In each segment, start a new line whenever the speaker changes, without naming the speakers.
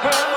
America.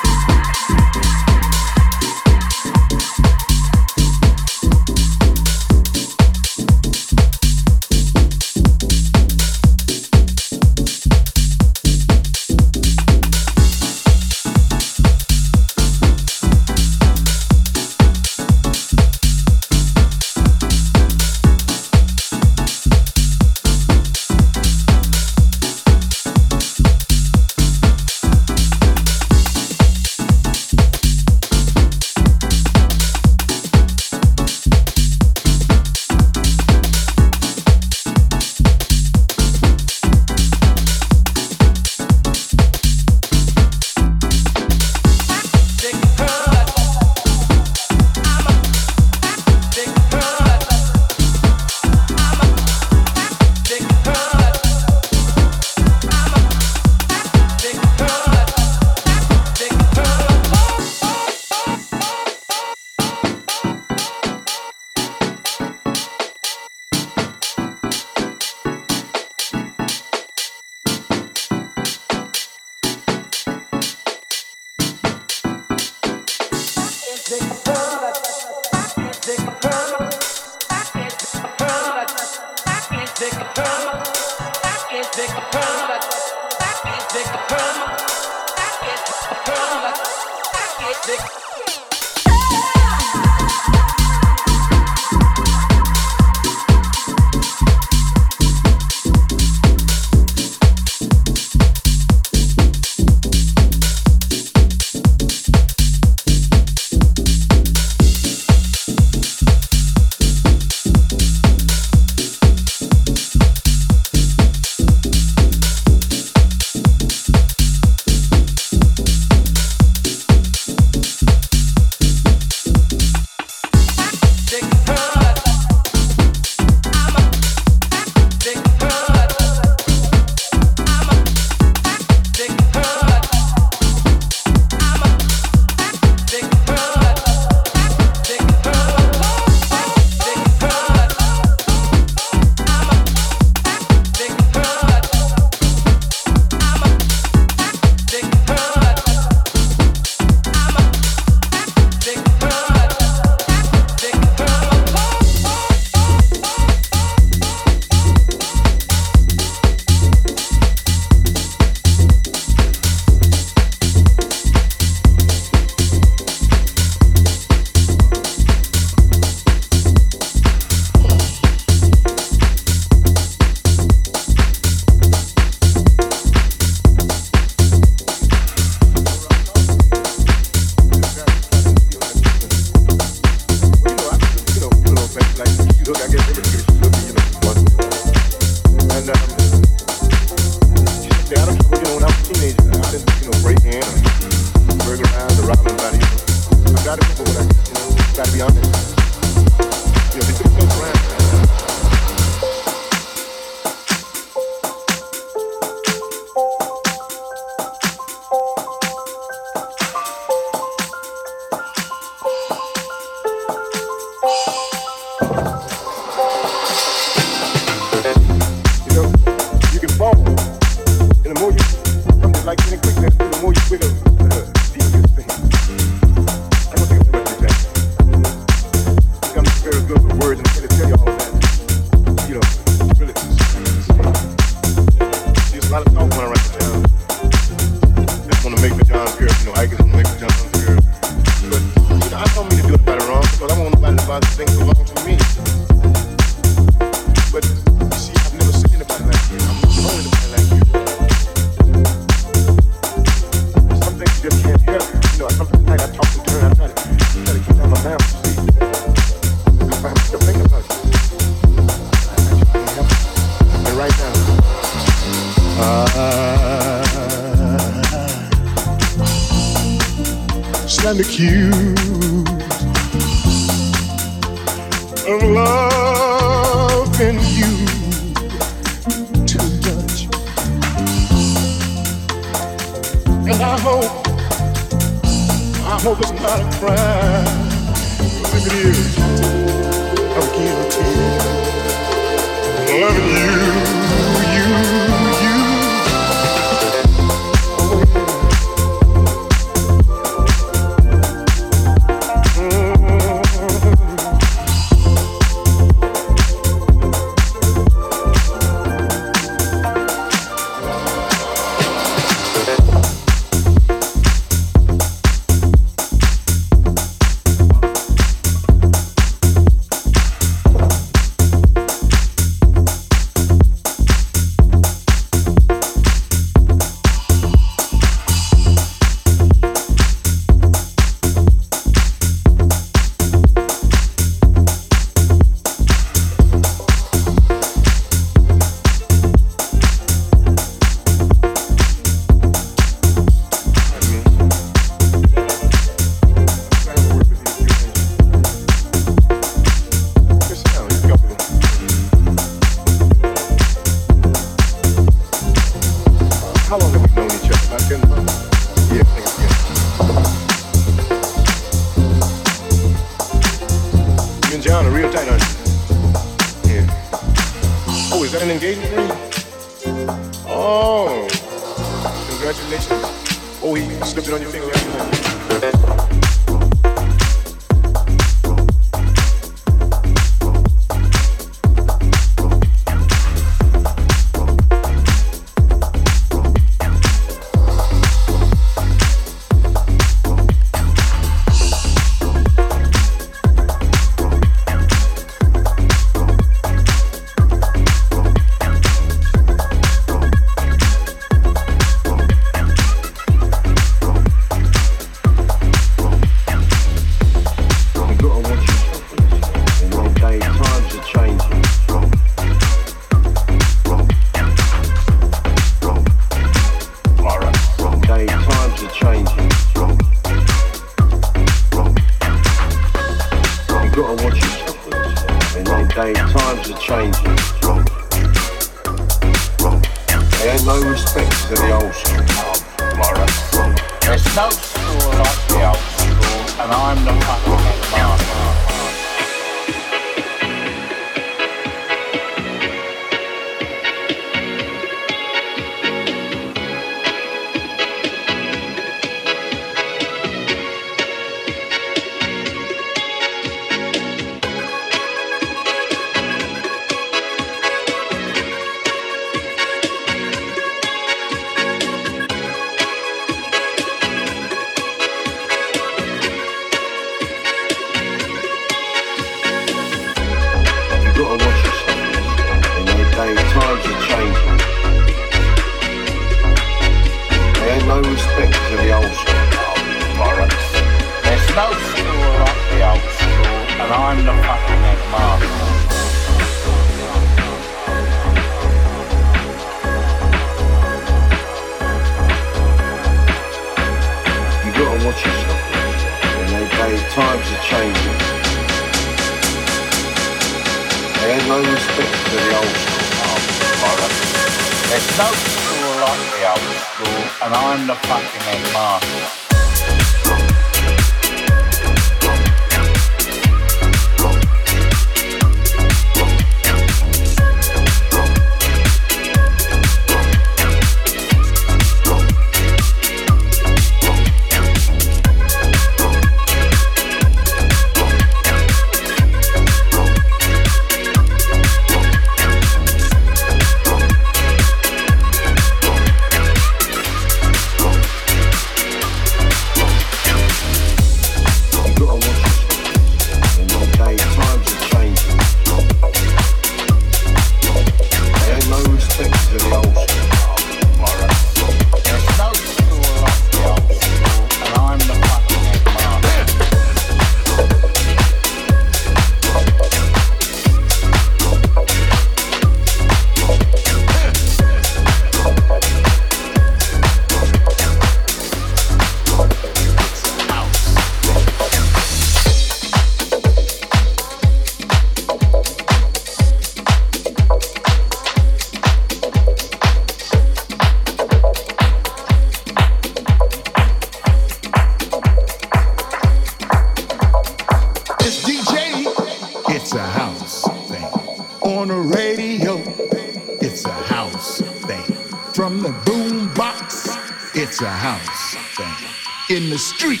in the street.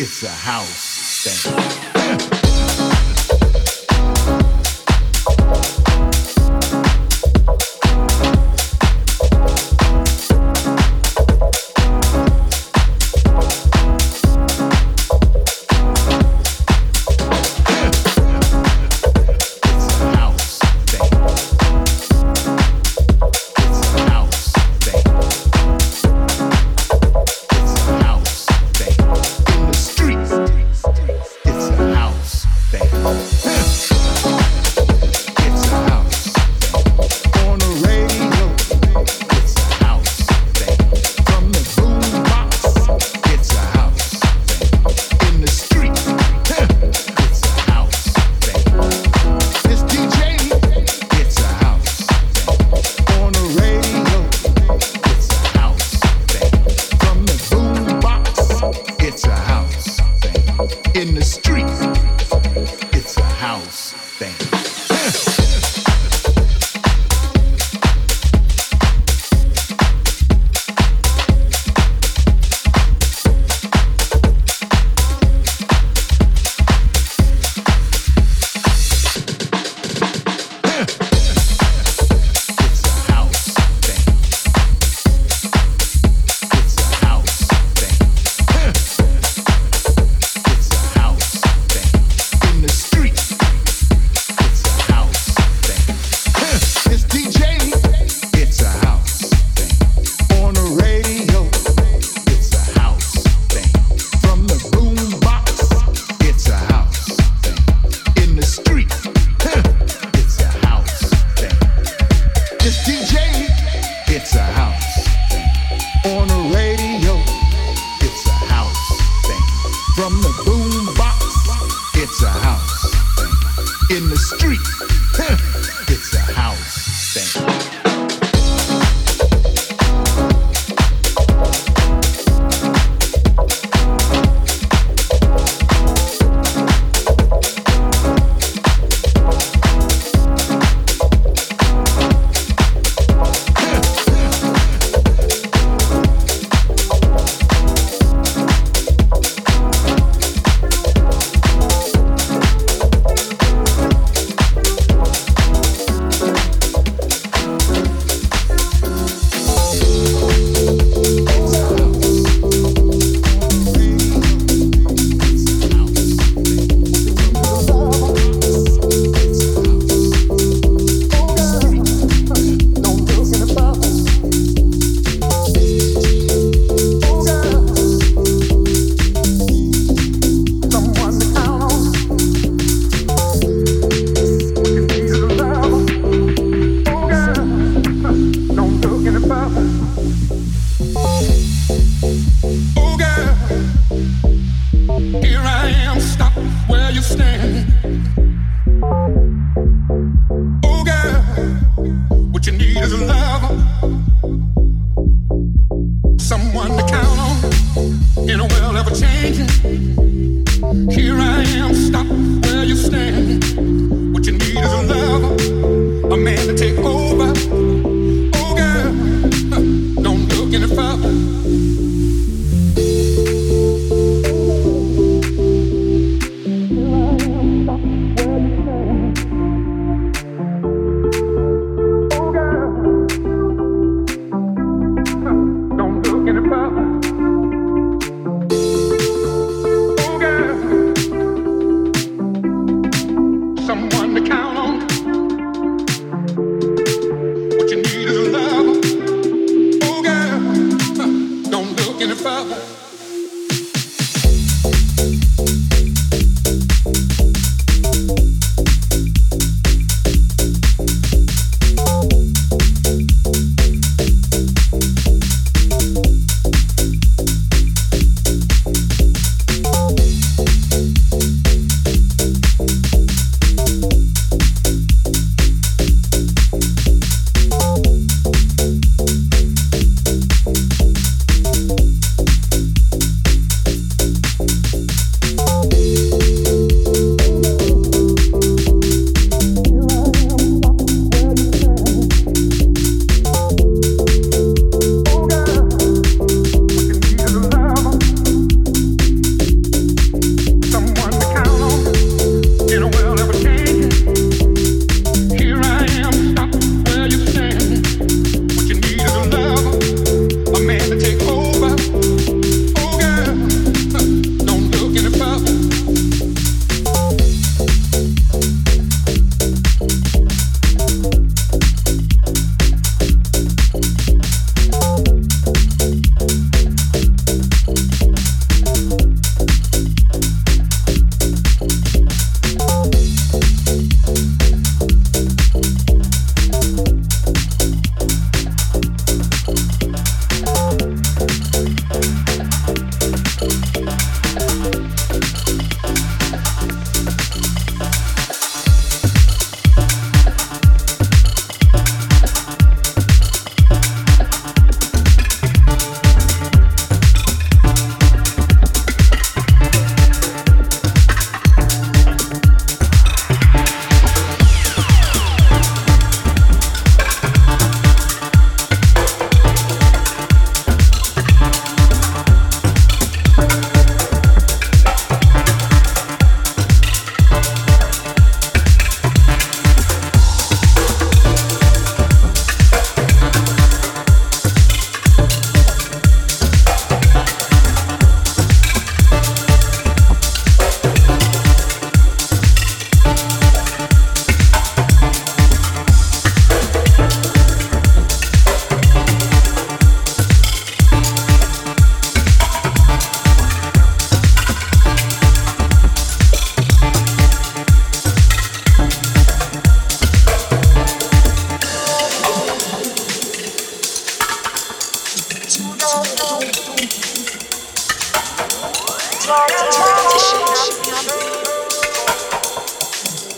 It's a house thing.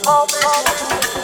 Repetition.